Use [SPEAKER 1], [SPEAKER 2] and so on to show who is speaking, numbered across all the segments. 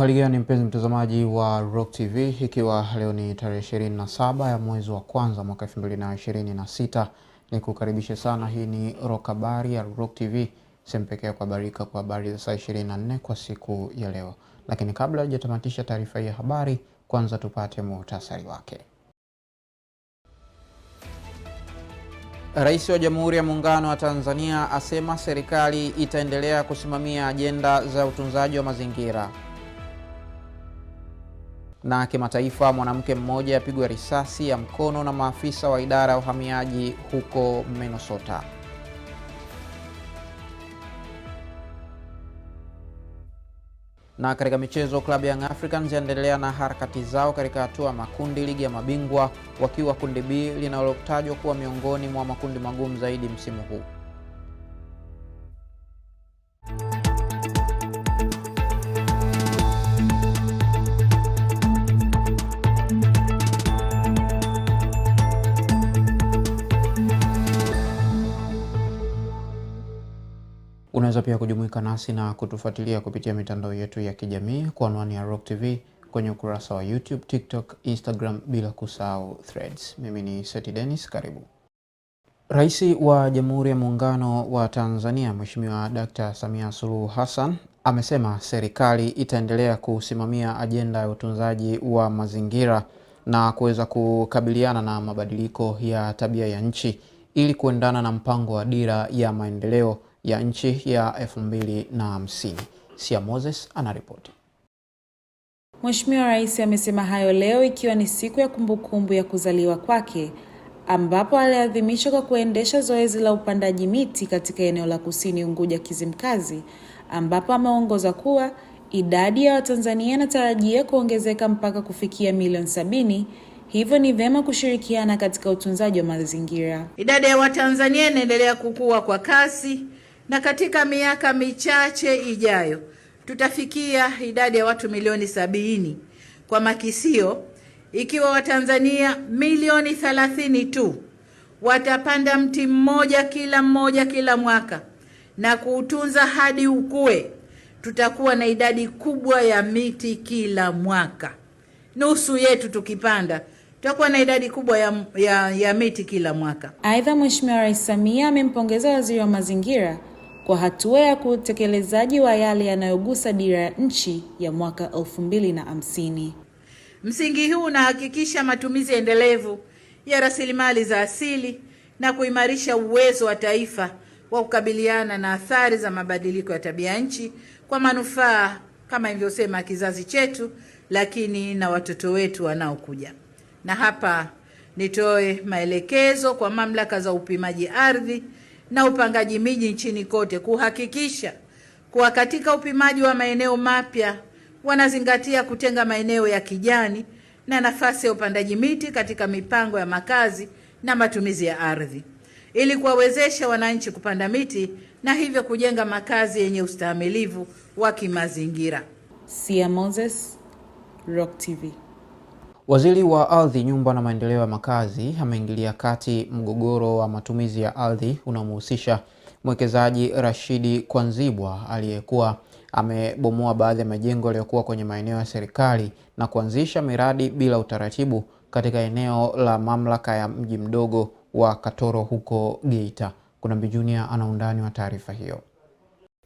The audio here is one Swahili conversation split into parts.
[SPEAKER 1] Hali mpenzi mtazamaji wa Rock TV, ikiwa leo ni tarehe 27 ya mwezi wa kwanza mwaka 2026, ni kukaribisha sana. Hii ni Rock habari ya Rock TV, sehemu pekee ya kuhabarika kwa habari za saa 24 kwa siku ya leo. Lakini kabla hujatamatisha taarifa hii ya habari, kwanza tupate muhtasari wake. Rais wa Jamhuri ya Muungano wa Tanzania asema serikali itaendelea kusimamia ajenda za utunzaji wa mazingira. Na kimataifa, mwanamke mmoja apigwa risasi ya mkono na maafisa wa idara ya uhamiaji huko Minnesota. Na katika michezo, klabu ya Young Africans yaendelea na harakati zao katika hatua ya makundi ligi ya mabingwa, wakiwa kundi B linalotajwa kuwa miongoni mwa makundi magumu zaidi msimu huu. Unaweza pia kujumuika nasi na kutufuatilia kupitia mitandao yetu ya kijamii kwa anwani ya Rock TV kwenye ukurasa wa YouTube, TikTok, Instagram bila kusahau Threads. Mimi ni Seti Dennis, karibu. Rais wa Jamhuri ya Muungano wa Tanzania Mheshimiwa Dkt. Samia Suluhu Hassan amesema serikali itaendelea kusimamia ajenda ya utunzaji wa mazingira na kuweza kukabiliana na mabadiliko ya tabia ya nchi ili kuendana na mpango wa Dira ya Maendeleo ya nchi ya 2050. Sia Moses anaripoti.
[SPEAKER 2] Mheshimiwa Rais amesema hayo leo ikiwa ni siku ya kumbukumbu kumbu ya kuzaliwa kwake ambapo aliadhimishwa kwa kuendesha zoezi la upandaji miti katika eneo la Kusini Unguja Kizimkazi, ambapo ameongoza kuwa idadi ya Watanzania inatarajia kuongezeka mpaka kufikia milioni sabini, hivyo ni vyema kushirikiana katika utunzaji wa mazingira.
[SPEAKER 3] Idadi ya Watanzania inaendelea kukua kwa kasi na katika miaka michache ijayo tutafikia idadi ya watu milioni sabini kwa makisio, ikiwa Watanzania milioni thelathini tu watapanda mti mmoja kila mmoja kila mwaka na kuutunza hadi ukue, tutakuwa na idadi kubwa ya miti kila mwaka. Nusu yetu tukipanda tutakuwa na idadi kubwa ya, ya, ya miti kila mwaka.
[SPEAKER 2] Aidha, Mheshimiwa Rais Samia amempongeza Waziri wa Mazingira kwa hatua ya kutekelezaji wa yale yanayogusa dira ya nchi ya mwaka 2050.
[SPEAKER 3] Msingi huu unahakikisha matumizi endelevu ya rasilimali za asili na kuimarisha uwezo wa taifa wa kukabiliana na athari za mabadiliko ya tabia nchi kwa manufaa kama ilivyosema kizazi chetu, lakini na watoto wetu wanaokuja. Na hapa nitoe maelekezo kwa mamlaka za upimaji ardhi na upangaji miji nchini kote kuhakikisha kuwa katika upimaji wa maeneo mapya wanazingatia kutenga maeneo ya kijani na nafasi ya upandaji miti katika mipango ya makazi na matumizi ya ardhi ili kuwawezesha wananchi kupanda miti na hivyo kujenga makazi yenye ustahimilivu wa kimazingira.
[SPEAKER 2] Sia Moses, Rock TV.
[SPEAKER 1] Waziri wa Ardhi, Nyumba na Maendeleo ya Makazi ameingilia kati mgogoro wa matumizi ya ardhi unaomhusisha mwekezaji Rashidi Kwanzibwa aliyekuwa amebomoa baadhi ya majengo yaliyokuwa kwenye maeneo ya serikali na kuanzisha miradi bila utaratibu katika eneo la mamlaka ya mji mdogo wa Katoro huko Geita. Kuna Bijunia ana undani wa taarifa hiyo.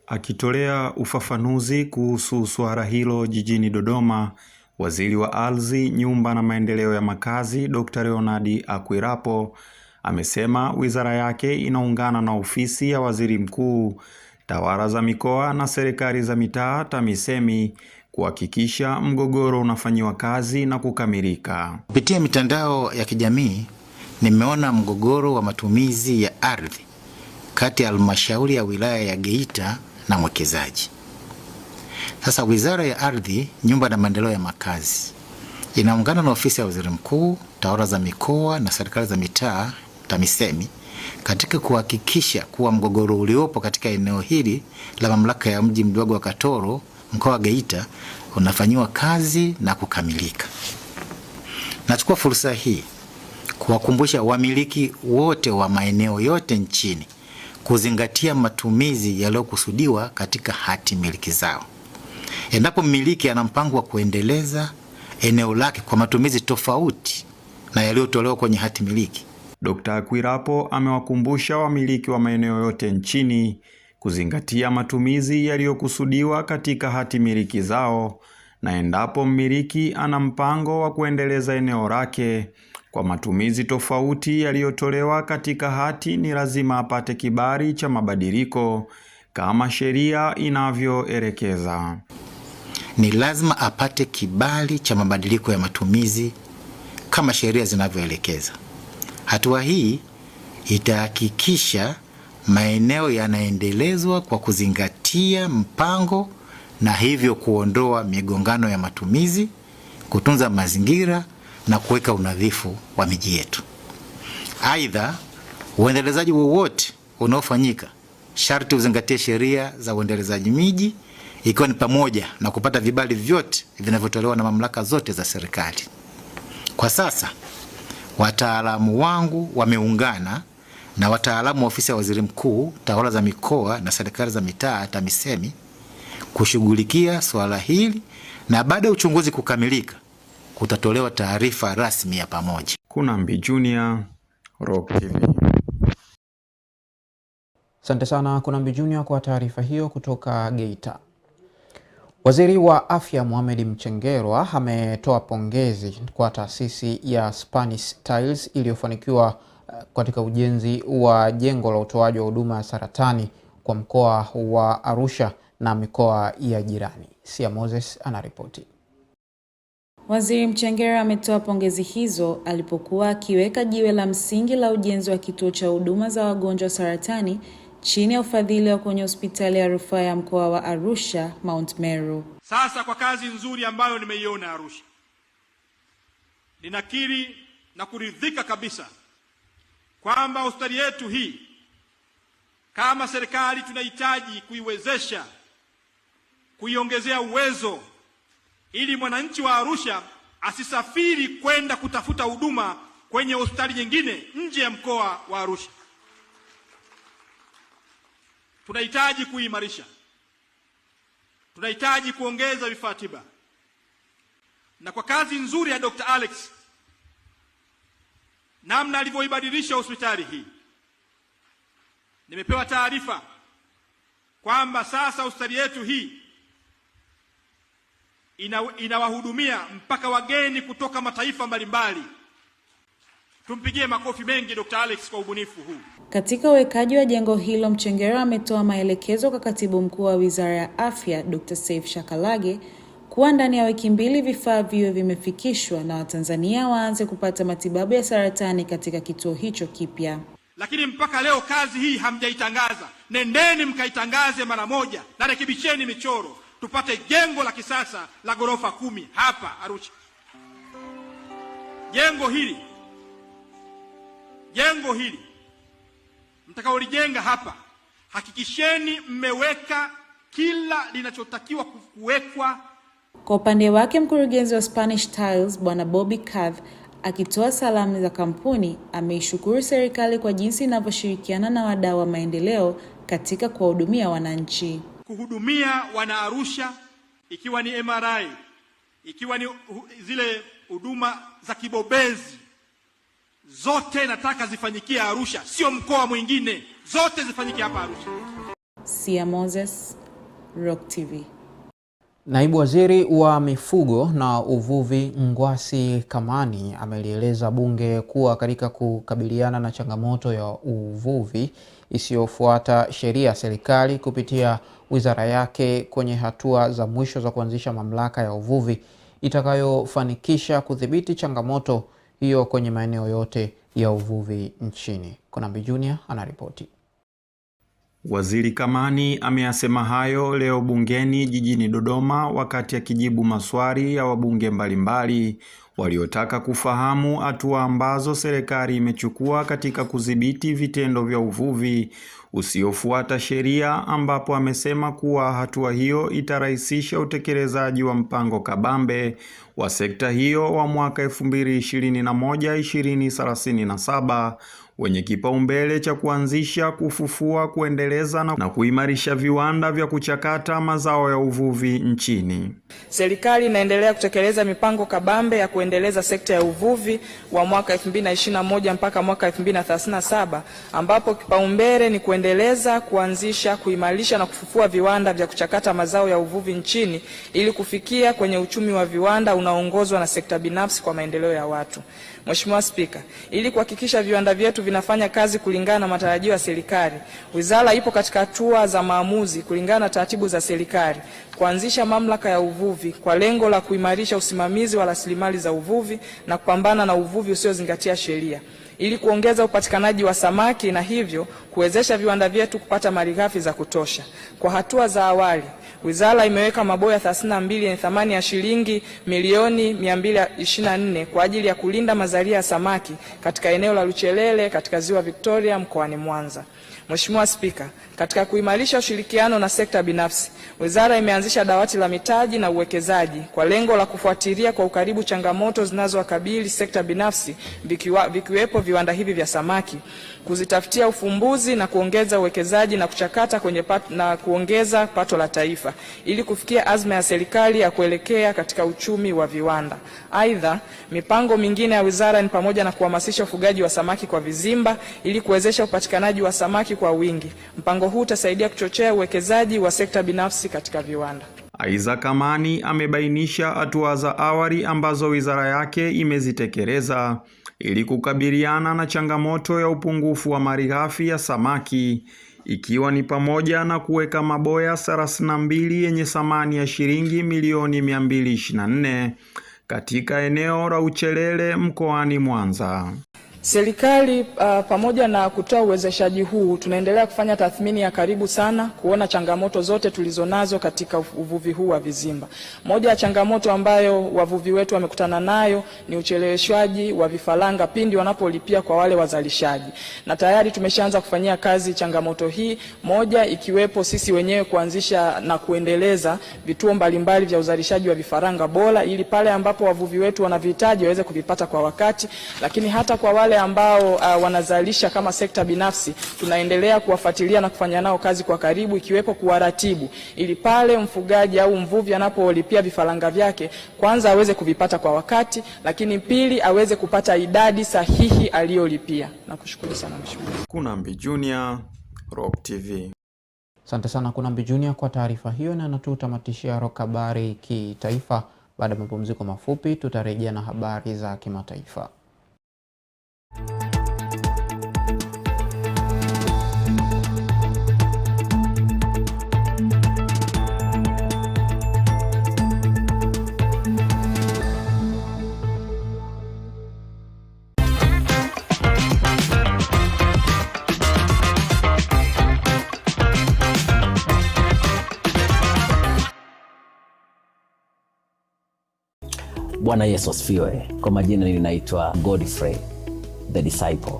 [SPEAKER 4] Akitolea ufafanuzi kuhusu suala hilo jijini Dodoma, Waziri wa Ardhi, Nyumba na Maendeleo ya Makazi, Dr. Leonard Akwilapo amesema wizara yake inaungana na ofisi ya Waziri Mkuu, Tawala za Mikoa na Serikali za Mitaa, TAMISEMI kuhakikisha mgogoro unafanyiwa kazi na kukamilika.
[SPEAKER 5] Kupitia mitandao ya kijamii nimeona mgogoro wa matumizi ya ardhi kati ya halmashauri ya wilaya ya Geita na mwekezaji. Sasa Wizara ya Ardhi, Nyumba na Maendeleo ya Makazi inaungana na Ofisi ya Waziri Mkuu, Tawala za Mikoa na Serikali za Mitaa, TAMISEMI katika kuhakikisha kuwa mgogoro uliopo katika eneo hili la mamlaka ya mji mdogo wa Katoro mkoa wa Geita unafanyiwa kazi na kukamilika. Nachukua fursa hii kuwakumbusha wamiliki wote wa maeneo yote nchini kuzingatia matumizi yaliyokusudiwa katika hati miliki zao. Endapo mmiliki ana mpango wa kuendeleza eneo lake kwa matumizi tofauti na yaliyotolewa kwenye hati miliki.
[SPEAKER 4] Dkt. Kwirapo amewakumbusha wamiliki wa maeneo yote nchini kuzingatia matumizi yaliyokusudiwa katika hati miliki zao na endapo mmiliki ana mpango wa kuendeleza eneo lake kwa matumizi tofauti yaliyotolewa katika hati, ni lazima apate kibali cha mabadiliko kama sheria inavyoelekeza
[SPEAKER 5] ni lazima apate kibali cha mabadiliko ya matumizi kama sheria zinavyoelekeza. Hatua hii itahakikisha maeneo yanaendelezwa kwa kuzingatia mpango na hivyo kuondoa migongano ya matumizi, kutunza mazingira na kuweka unadhifu wa miji yetu. Aidha, uendelezaji wowote unaofanyika sharti uzingatie sheria za uendelezaji miji ikiwa ni pamoja na kupata vibali vyote vinavyotolewa na mamlaka zote za serikali. Kwa sasa wataalamu wangu wameungana na wataalamu wa ofisi ya waziri mkuu, tawala za mikoa na serikali za mitaa, TAMISEMI, kushughulikia suala hili na baada ya uchunguzi kukamilika kutatolewa taarifa rasmi ya pamoja.
[SPEAKER 1] Kunambi Junior, Rock TV. Asante sana Kunambi Junior kwa taarifa hiyo kutoka Geita. Waziri wa Afya Mohamed Mchengerwa ametoa pongezi kwa taasisi ya Spanish Tiles iliyofanikiwa eh, katika ujenzi wa jengo la utoaji wa huduma ya saratani kwa mkoa wa Arusha na mikoa ya jirani. Sia Moses anaripoti.
[SPEAKER 2] Waziri Mchengerwa ametoa pongezi hizo alipokuwa akiweka jiwe la msingi la ujenzi wa kituo cha huduma za wagonjwa saratani chini ya ufadhili wa kwenye hospitali ya rufaa ya mkoa wa Arusha Mount Meru.
[SPEAKER 6] Sasa kwa kazi nzuri ambayo nimeiona Arusha, ninakiri na kuridhika kabisa kwamba hospitali yetu hii kama serikali tunahitaji kuiwezesha, kuiongezea uwezo ili mwananchi wa Arusha asisafiri kwenda kutafuta huduma kwenye hospitali nyingine nje ya mkoa wa Arusha tunahitaji kuimarisha, tunahitaji kuongeza vifaa tiba, na kwa kazi nzuri ya Dr. Alex namna alivyoibadilisha hospitali hii, nimepewa taarifa kwamba sasa hospitali yetu hii inawahudumia mpaka wageni kutoka mataifa mbalimbali. Tumpigie makofi mengi Dr. Alex kwa ubunifu huu.
[SPEAKER 2] Katika uwekaji wa jengo hilo, Mchengero ametoa maelekezo kwa Katibu Mkuu wa Wizara ya Afya Dr. Saif Shakalage kuwa ndani ya wiki mbili vifaa viwe vimefikishwa na Watanzania waanze kupata matibabu ya saratani katika kituo hicho kipya.
[SPEAKER 7] Lakini mpaka leo kazi hii hamjaitangaza. Nendeni mkaitangaze mara moja na rekebisheni michoro, tupate jengo la kisasa la ghorofa kumi hapa Arusha. Jengo hili jengo hili mtakaolijenga hapa, hakikisheni mmeweka kila linachotakiwa kuwekwa.
[SPEAKER 2] Kwa upande wake, mkurugenzi wa Spanish Tiles Bwana Bobby Cath akitoa salamu za kampuni ameishukuru serikali kwa jinsi inavyoshirikiana na wadau wa maendeleo katika kuwahudumia wananchi.
[SPEAKER 7] Kuhudumia Wanaarusha, ikiwa ni MRI, ikiwa ni zile huduma za kibobezi zote nataka zifanyikie Arusha, sio mkoa mwingine, zote zifanyikie hapa Arusha.
[SPEAKER 2] Sia Moses, Rock TV.
[SPEAKER 1] Naibu Waziri wa Mifugo na Uvuvi Ngwasi Kamani amelieleza Bunge kuwa katika kukabiliana na changamoto ya uvuvi isiyofuata sheria, serikali kupitia wizara yake kwenye hatua za mwisho za kuanzisha mamlaka ya uvuvi itakayofanikisha kudhibiti changamoto hiyo kwenye maeneo yote ya uvuvi nchini. Konambi Junior anaripoti.
[SPEAKER 4] Waziri Kamani ameyasema hayo leo bungeni jijini Dodoma wakati akijibu maswali ya wabunge mbalimbali waliotaka kufahamu hatua ambazo serikali imechukua katika kudhibiti vitendo vya uvuvi usiofuata sheria, ambapo amesema kuwa hatua hiyo itarahisisha utekelezaji wa mpango kabambe wa sekta hiyo wa mwaka 2021-2037 wenye kipaumbele cha kuanzisha, kufufua, kuendeleza na kuimarisha viwanda vya kuchakata mazao ya uvuvi nchini.
[SPEAKER 8] Serikali inaendelea kutekeleza mipango kabambe ya kuendeleza sekta ya uvuvi wa mwaka 2021 mpaka mwaka 2037 ambapo kipaumbele ni kuendeleza, kuanzisha, kuimarisha na kufufua viwanda vya kuchakata mazao ya uvuvi nchini ili kufikia kwenye uchumi wa viwanda unaoongozwa na sekta binafsi kwa maendeleo ya watu. Mheshimiwa Spika, ili kuhakikisha viwanda vyetu vinafanya kazi kulingana na matarajio ya serikali, wizara ipo katika hatua za maamuzi kulingana na taratibu za serikali kuanzisha mamlaka ya uvuvi kwa lengo la kuimarisha usimamizi wa rasilimali za uvuvi na kupambana na uvuvi usiozingatia sheria ili kuongeza upatikanaji wa samaki na hivyo kuwezesha viwanda vyetu kupata malighafi za kutosha. Kwa hatua za awali Wizara imeweka maboya 32 yenye thamani ya shilingi milioni 224 kwa ajili ya kulinda mazalia ya samaki katika eneo la Luchelele katika ziwa Victoria mkoani Mwanza. Mheshimiwa Spika, katika kuimarisha ushirikiano na sekta binafsi, wizara imeanzisha dawati la mitaji na uwekezaji kwa lengo la kufuatilia kwa ukaribu changamoto zinazowakabili sekta binafsi vikiwa, vikiwepo viwanda hivi vya samaki kuzitafutia ufumbuzi na kuongeza uwekezaji na kuchakata kwenye pat, na kuongeza pato la taifa ili kufikia azma ya serikali ya kuelekea katika uchumi wa viwanda. Aidha, mipango mingine ya wizara ni pamoja na kuhamasisha ufugaji wa samaki kwa vizimba ili kuwezesha upatikanaji wa samaki kwa wingi. Mpango huu utasaidia kuchochea uwekezaji wa sekta binafsi katika viwanda.
[SPEAKER 4] Aiza kamani amebainisha hatua za awali ambazo wizara yake imezitekeleza ili kukabiliana na changamoto ya upungufu wa malighafi ya samaki ikiwa ni pamoja na kuweka maboya 32 yenye thamani ya shilingi milioni 224 katika eneo la Uchelele mkoani Mwanza.
[SPEAKER 8] Serikali uh, pamoja na kutoa uwezeshaji huu tunaendelea kufanya tathmini ya karibu sana kuona changamoto zote tulizonazo katika uvuvi huu wa vizimba. Moja ya changamoto ambayo wavuvi wetu wamekutana nayo ni ucheleweshwaji wa vifaranga pindi wanapolipia kwa wale wazalishaji, na tayari tumeshaanza kufanyia kazi changamoto hii, moja ikiwepo sisi wenyewe kuanzisha na kuendeleza vituo mbalimbali vya uzalishaji wa vifaranga bora, ili pale ambapo wavuvi wetu wanavihitaji waweze kuvipata kwa wakati, lakini hata kwa wale wale ambao uh, wanazalisha kama sekta binafsi tunaendelea kuwafuatilia na kufanya nao kazi kwa karibu, ikiwepo kuwaratibu ili pale mfugaji au mvuvi anapolipia vifaranga vyake, kwanza aweze kuvipata kwa wakati, lakini pili aweze kupata idadi sahihi aliyolipia. Nakushukuru sana mheshimiwa.
[SPEAKER 1] Kunambi Junior, Rock TV. Asante sana Kunambi Junior kwa taarifa hiyo, na natutamatishia Rock habari kitaifa. Baada ya mapumziko mafupi, tutarejea na habari za kimataifa.
[SPEAKER 9] Bwana Yesu asifiwe. Kwa majina ninaitwa Godfrey The Disciple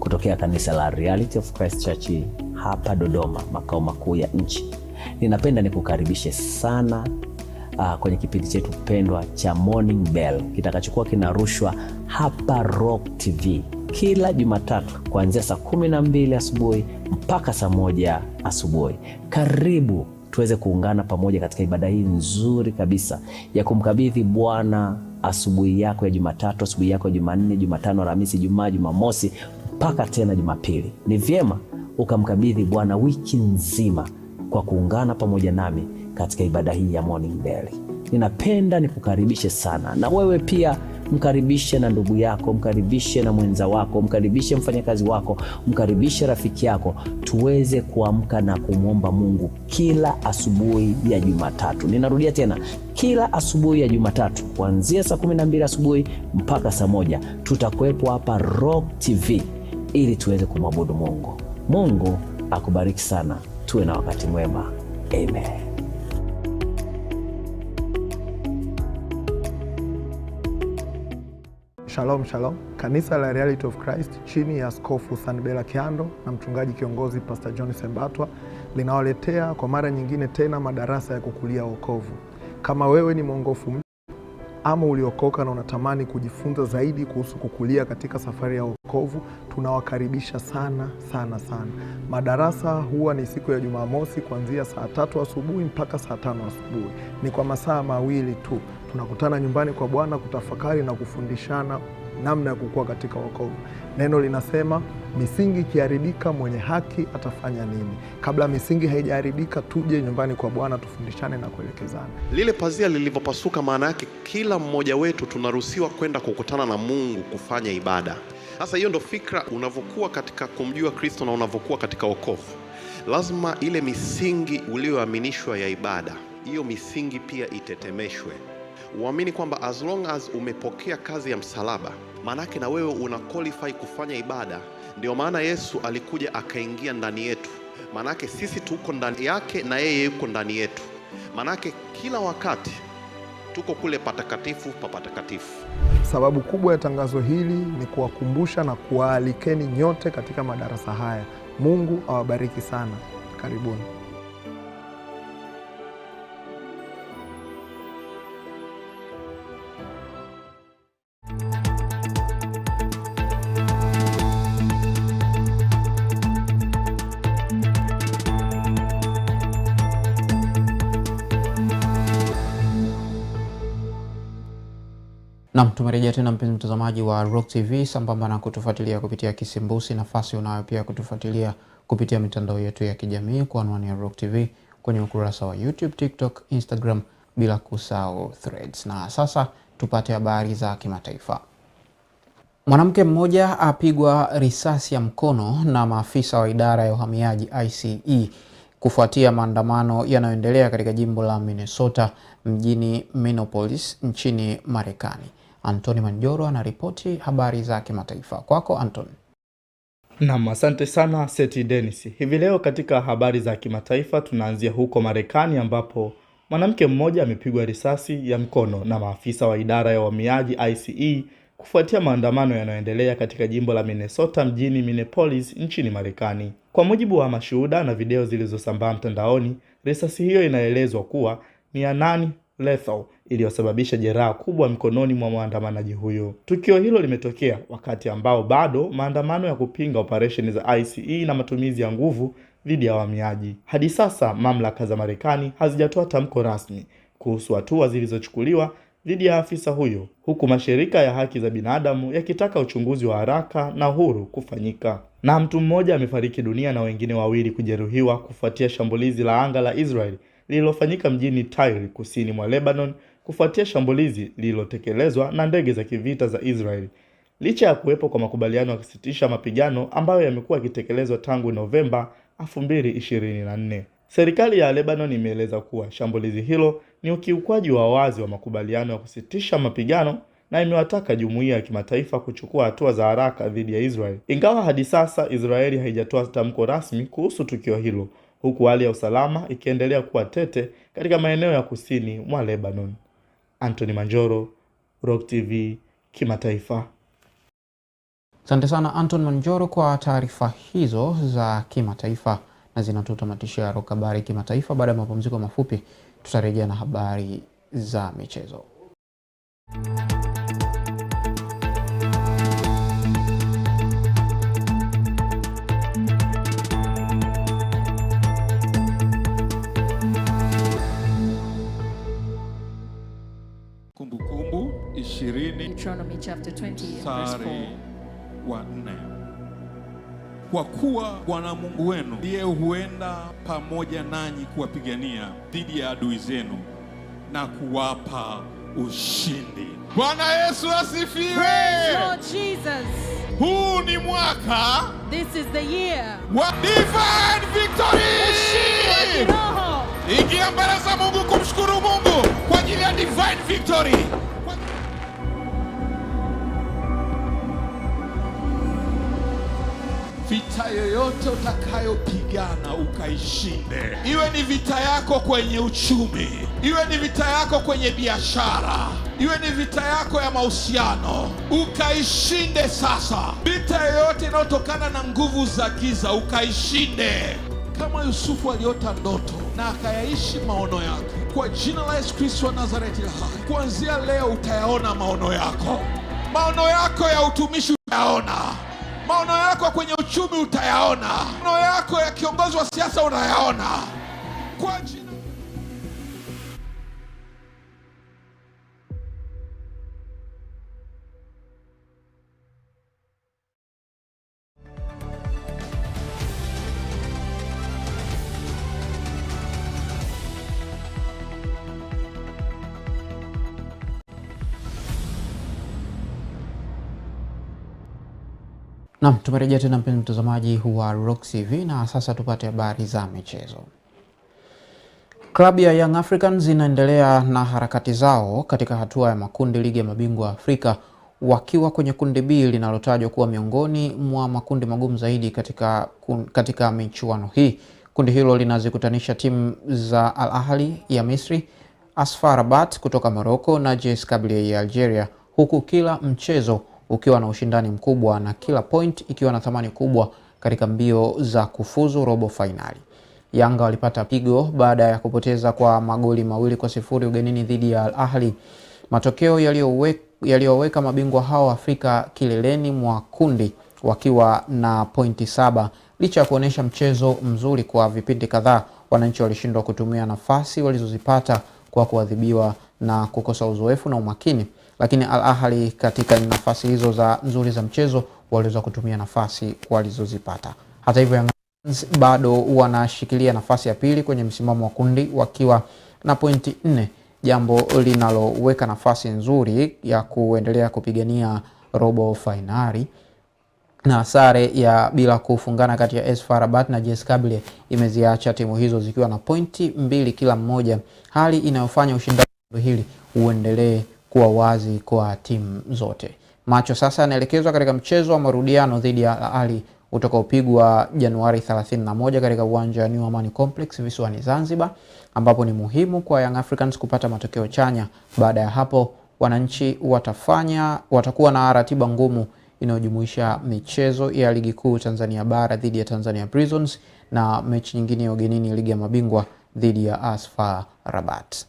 [SPEAKER 9] kutokea kanisa la Reality of Christ Church hapa Dodoma, makao makuu ya nchi. Ninapenda nikukaribishe sana uh, kwenye kipindi chetu pendwa cha Morning Bell kitakachokuwa kinarushwa hapa Rock TV kila Jumatatu kuanzia saa kumi na mbili asubuhi mpaka saa moja asubuhi. Karibu tuweze kuungana pamoja katika ibada hii nzuri kabisa ya kumkabidhi Bwana asubuhi yako ya Jumatatu, asubuhi yako ya Jumanne, Jumatano, Alhamisi, Jumaa, Jumamosi mpaka tena Jumapili. Ni vyema ukamkabidhi Bwana wiki nzima kwa kuungana pamoja nami katika ibada hii ya Morning Bell. Ninapenda nikukaribishe sana na wewe pia mkaribishe na ndugu yako, mkaribishe na mwenza wako, mkaribishe mfanyakazi wako, mkaribishe rafiki yako, tuweze kuamka na kumwomba Mungu kila asubuhi ya Jumatatu. Ninarudia tena, kila asubuhi ya Jumatatu kuanzia saa mbili asubuhi mpaka saa moja tutakuwepo hapa Rock TV ili tuweze kumwabudu Mungu. Mungu akubariki sana, tuwe na wakati mwema. Amen.
[SPEAKER 10] Shalom shalom, kanisa la Reality of Christ chini ya Askofu Sanibela Kiando na mchungaji kiongozi Pastor John Sembatwa linawaletea kwa mara nyingine tena madarasa ya kukulia wokovu. Kama wewe ni mwongofu ama uliokoka na unatamani kujifunza zaidi kuhusu kukulia katika safari ya wokovu, tunawakaribisha sana sana sana. Madarasa huwa ni siku ya Jumamosi kuanzia saa tatu asubuhi mpaka saa tano asubuhi, ni kwa masaa mawili tu tunakutana nyumbani kwa Bwana kutafakari na kufundishana namna ya kukua katika wokovu. Neno linasema misingi ikiharibika, mwenye haki atafanya nini? Kabla misingi haijaharibika, tuje nyumbani kwa Bwana tufundishane na kuelekezana.
[SPEAKER 11] Lile pazia lilivyopasuka, maana yake kila mmoja wetu tunaruhusiwa kwenda kukutana na Mungu kufanya ibada. Sasa hiyo ndo fikra, unavyokuwa katika kumjua Kristo na unavyokuwa katika wokovu, lazima ile misingi uliyoaminishwa ya ibada, hiyo misingi pia itetemeshwe. Uamini kwamba as long as umepokea kazi ya msalaba, maanake na wewe una qualify kufanya ibada. Ndio maana Yesu alikuja akaingia ndani yetu, maanake sisi tuko ndani yake na yeye yuko ndani yetu, maanake kila wakati tuko kule patakatifu pa patakatifu.
[SPEAKER 10] Sababu kubwa ya tangazo hili ni kuwakumbusha na kuwaalikeni nyote katika madarasa haya. Mungu awabariki sana. Karibuni.
[SPEAKER 1] Nam, tumerejea tena mpenzi mtazamaji wa Rock TV sambamba na kutufuatilia kupitia kisimbusi. Nafasi unayo pia kutufuatilia kupitia mitandao yetu ya kijamii kwa anwani ya Rock TV kwenye ukurasa wa YouTube, TikTok, Instagram bila kusahau Threads. Na sasa tupate habari za kimataifa. Mwanamke mmoja apigwa risasi ya mkono na maafisa wa idara ya uhamiaji ICE kufuatia maandamano yanayoendelea katika jimbo la Minnesota mjini Minneapolis nchini Marekani. Antoni Manjoro anaripoti habari za kimataifa. Kwako Antoni.
[SPEAKER 12] Nam, asante sana Seti Denis. Hivi leo katika habari za kimataifa tunaanzia huko Marekani ambapo mwanamke mmoja amepigwa risasi ya mkono na maafisa wa idara ya uhamiaji ICE kufuatia maandamano yanayoendelea katika jimbo la Minnesota mjini Minneapolis nchini Marekani. Kwa mujibu wa mashuhuda na video zilizosambaa mtandaoni, risasi hiyo inaelezwa kuwa ni ya nani lethal iliyosababisha jeraha kubwa mkononi mwa mwandamanaji huyo. Tukio hilo limetokea wakati ambao bado maandamano ya kupinga operesheni za ICE na matumizi ya nguvu dhidi ya wahamiaji. Hadi sasa mamlaka za Marekani hazijatoa tamko rasmi kuhusu hatua zilizochukuliwa dhidi ya afisa huyo, huku mashirika ya haki za binadamu yakitaka uchunguzi wa haraka na huru kufanyika. Na mtu mmoja amefariki dunia na wengine wawili kujeruhiwa kufuatia shambulizi la anga la Israeli lililofanyika mjini Tyre kusini mwa Lebanon kufuatia shambulizi lililotekelezwa na ndege za kivita za Israeli. Licha ya kuwepo kwa makubaliano ya kusitisha mapigano ambayo yamekuwa yakitekelezwa tangu Novemba 2024. Serikali ya Lebanon imeeleza kuwa shambulizi hilo ni ukiukwaji wa wazi wa makubaliano ya kusitisha mapigano na imewataka jumuiya ya kimataifa kuchukua hatua za haraka dhidi ya Israeli. Ingawa hadi sasa Israeli haijatoa tamko rasmi kuhusu tukio hilo huku hali ya usalama ikiendelea kuwa tete katika maeneo ya kusini mwa Lebanon. Anthony Manjoro, Rock TV Kimataifa.
[SPEAKER 1] Asante sana Anton Manjoro kwa taarifa hizo za kimataifa, na zinatutamatishia Rock Habari Kimataifa. Baada ya mapumziko mafupi, tutarejea na habari za michezo.
[SPEAKER 13] ishirini
[SPEAKER 14] wa nne kwa kuwa Bwana Mungu wenu ndiye huenda pamoja nanyi kuwapigania dhidi ya adui zenu na kuwapa ushindi.
[SPEAKER 15] Bwana Yesu asifiwe! Huu ni mwaka wa divine victory. Ingia mbele za Mungu kumshukuru Mungu kwa ajili ya divine victory. vita yoyote utakayopigana ukaishinde, iwe ni vita yako kwenye uchumi, iwe ni vita yako kwenye biashara, iwe ni vita yako ya mahusiano, ukaishinde sasa. Vita yoyote inayotokana na nguvu za giza ukaishinde, kama Yusufu aliota ndoto na akayaishi maono yake. Kwa jina la Yesu Kristo wa Nazareti hai, kuanzia leo utayaona maono yako, maono yako ya utumishi utayaona maono yako kwenye uchumi utayaona, maneno yako ya kiongozi wa siasa unayaona kwa jini.
[SPEAKER 1] Naam, tumerejea tena mpenzi mtazamaji wa Rock TV na sasa tupate habari za michezo. Klabu ya Young Africans inaendelea na harakati zao katika hatua ya makundi ligi ya mabingwa Afrika wakiwa kwenye kundi B linalotajwa kuwa miongoni mwa makundi magumu zaidi katika, katika michuano hii. Kundi hilo linazikutanisha timu za Al Ahli ya Misri, AS FAR Rabat kutoka Morocco na JS Kabylie ya Algeria, huku kila mchezo ukiwa na ushindani mkubwa na kila point ikiwa na thamani kubwa katika mbio za kufuzu robo fainali. Yanga walipata pigo baada ya kupoteza kwa magoli mawili kwa sifuri ugenini dhidi ya Al Ahli, matokeo yaliyoweka mabingwa hao Afrika kileleni mwa kundi wakiwa na pointi saba. Licha ya kuonyesha mchezo mzuri kwa vipindi kadhaa, wananchi walishindwa kutumia nafasi walizozipata kwa kuadhibiwa na kukosa uzoefu na umakini lakini Al Ahli katika nafasi hizo za nzuri za mchezo waliweza kutumia nafasi walizozipata. Hata hivyo, Young bado wanashikilia nafasi ya pili kwenye msimamo wa kundi wakiwa na pointi nne, jambo linaloweka nafasi nzuri ya kuendelea kupigania robo fainali na sare ya bila kufungana kati ya AS FAR Rabat na JS Kabylie imeziacha timu hizo zikiwa na pointi mbili kila mmoja, hali inayofanya ushindani hili uendelee kuwa wazi kwa timu zote. Macho sasa yanaelekezwa katika mchezo wa marudiano dhidi ya Al Ahly utakaopigwa Januari 31 katika uwanja wa New Amani Complex visiwani Zanzibar, ambapo ni muhimu kwa Young Africans kupata matokeo chanya. Baada ya hapo, wananchi watafanya watakuwa na ratiba ngumu inayojumuisha michezo ya ligi kuu Tanzania bara dhidi ya Tanzania Prisons na mechi nyingine ya ugenini ligi ya mabingwa dhidi ya Asfa Rabat.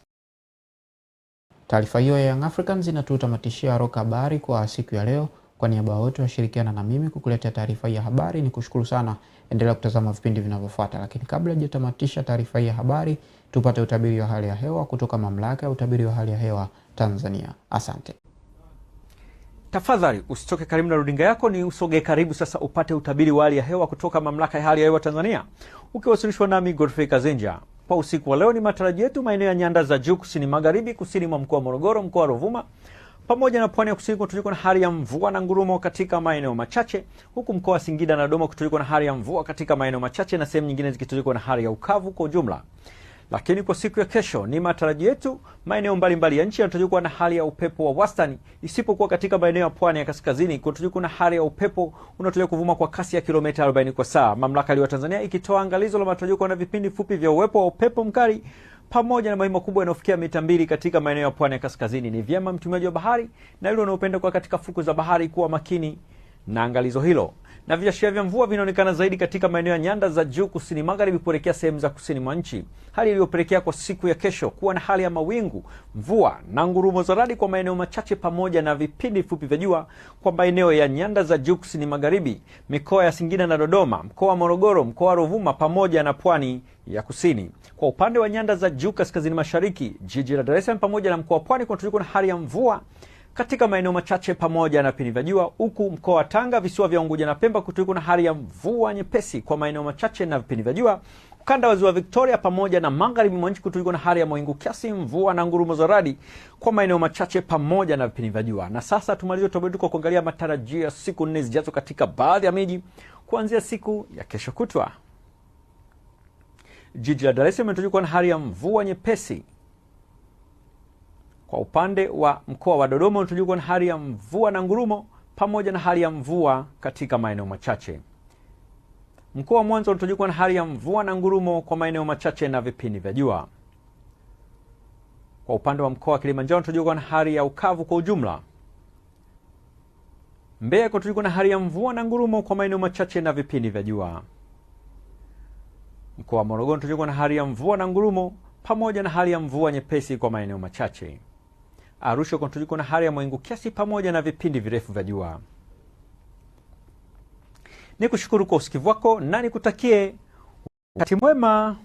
[SPEAKER 1] Taarifa hiyo ya Young Africans inatutamatishia Roc Habari kwa siku ya leo. Kwa niaba ya wote washirikiana na mimi kukuletea taarifa hii ya habari, ni kushukuru sana. Endelea kutazama vipindi vinavyofuata, lakini kabla hajatamatisha taarifa hii ya habari, tupate utabiri wa hali ya hewa kutoka Mamlaka ya Utabiri wa Hali ya Hewa Tanzania. Asante.
[SPEAKER 16] Tafadhali usitoke karibu na runinga yako, ni usogee karibu sasa upate utabiri wa hali ya hewa kutoka Mamlaka ya Hali ya Hewa Tanzania, ukiwasilishwa nami Godfrey Kazenja pa usiku wa leo ni matarajio yetu maeneo ya nyanda za juu kusini magharibi, kusini mwa mkoa wa Morogoro, mkoa wa Ruvuma pamoja na pwani ya kusini kutoliko na hali ya mvua na ngurumo katika maeneo machache, huku mkoa wa Singida na Dodoma kutulikwa na hali ya mvua katika maeneo machache na sehemu nyingine zikitulikwa na hali ya ukavu kwa ujumla. Lakini kwa siku ya kesho ni matarajio yetu maeneo mbalimbali ya nchi yanatarajiwa kuwa na hali ya upepo wa wastani, isipokuwa katika maeneo ya pwani ya kaskazini kunatarajiwa kuwa na hali ya upepo unaotarajiwa kuvuma kwa kasi ya kilomita 40 kwa saa, mamlaka ya Tanzania ikitoa angalizo la matarajio kuwa na vipindi fupi vya uwepo wa upepo mkali pamoja na mawimbi makubwa yanayofikia mita mbili katika maeneo ya pwani ya kaskazini. Ni vyema mtumiaji wa bahari na yule unaopenda kuwa katika fuku za bahari kuwa makini na angalizo hilo. Na viashiria vya mvua vinaonekana zaidi katika maeneo ya nyanda za juu kusini magharibi kuelekea sehemu za kusini mwa nchi, hali iliyopelekea kwa siku ya kesho kuwa na hali ya mawingu, mvua na ngurumo za radi kwa maeneo machache pamoja na vipindi fupi vya jua kwa maeneo ya nyanda za juu kusini magharibi, mikoa ya Singida na Dodoma, mkoa wa Morogoro, mkoa wa Ruvuma pamoja na pwani ya kusini. Kwa upande wa nyanda za juu kaskazini mashariki, jiji la dares Salaam pamoja na mkoa wa Pwani kunatujikwa na hali ya mvua katika maeneo machache pamoja na vipindi vya jua, huku mkoa wa Tanga, visiwa vya Unguja na Pemba kutakuwa na hali ya mvua nyepesi kwa maeneo machache na vipindi vya jua. Ukanda wa ziwa Victoria pamoja na magharibi mwa nchi kutakuwa na hali ya mawingu kiasi, mvua na ngurumo za radi kwa maeneo machache pamoja na vipindi vya jua. Na sasa tumalize tobetu kwa kuangalia matarajio ya siku nne zijazo katika baadhi ya miji kuanzia siku ya kesho kutwa. Jiji la Dar es Salaam litatokana na hali ya mvua nyepesi kwa upande wa mkoa wa Dodoma tulikuwa na hali ya mvua na ngurumo pamoja na hali ya mvua katika maeneo machache. Mkoa wa Mwanza tulikuwa na hali ya mvua na ngurumo kwa maeneo machache na vipindi vya jua. Kwa upande wa mkoa wa Kilimanjaro tulikuwa na hali ya ukavu kwa ujumla. Mbeya kwa tulikuwa na hali ya mvua na ngurumo kwa maeneo machache na vipindi vya jua. Mkoa wa Morogoro tulikuwa na hali ya mvua na ngurumo pamoja na hali ya mvua nyepesi kwa maeneo machache. Arusha kunatujukwa na hali ya mawingu kiasi pamoja na vipindi virefu vya jua.
[SPEAKER 1] Nikushukuru kwa usikivu wako na nikutakie wakati mwema.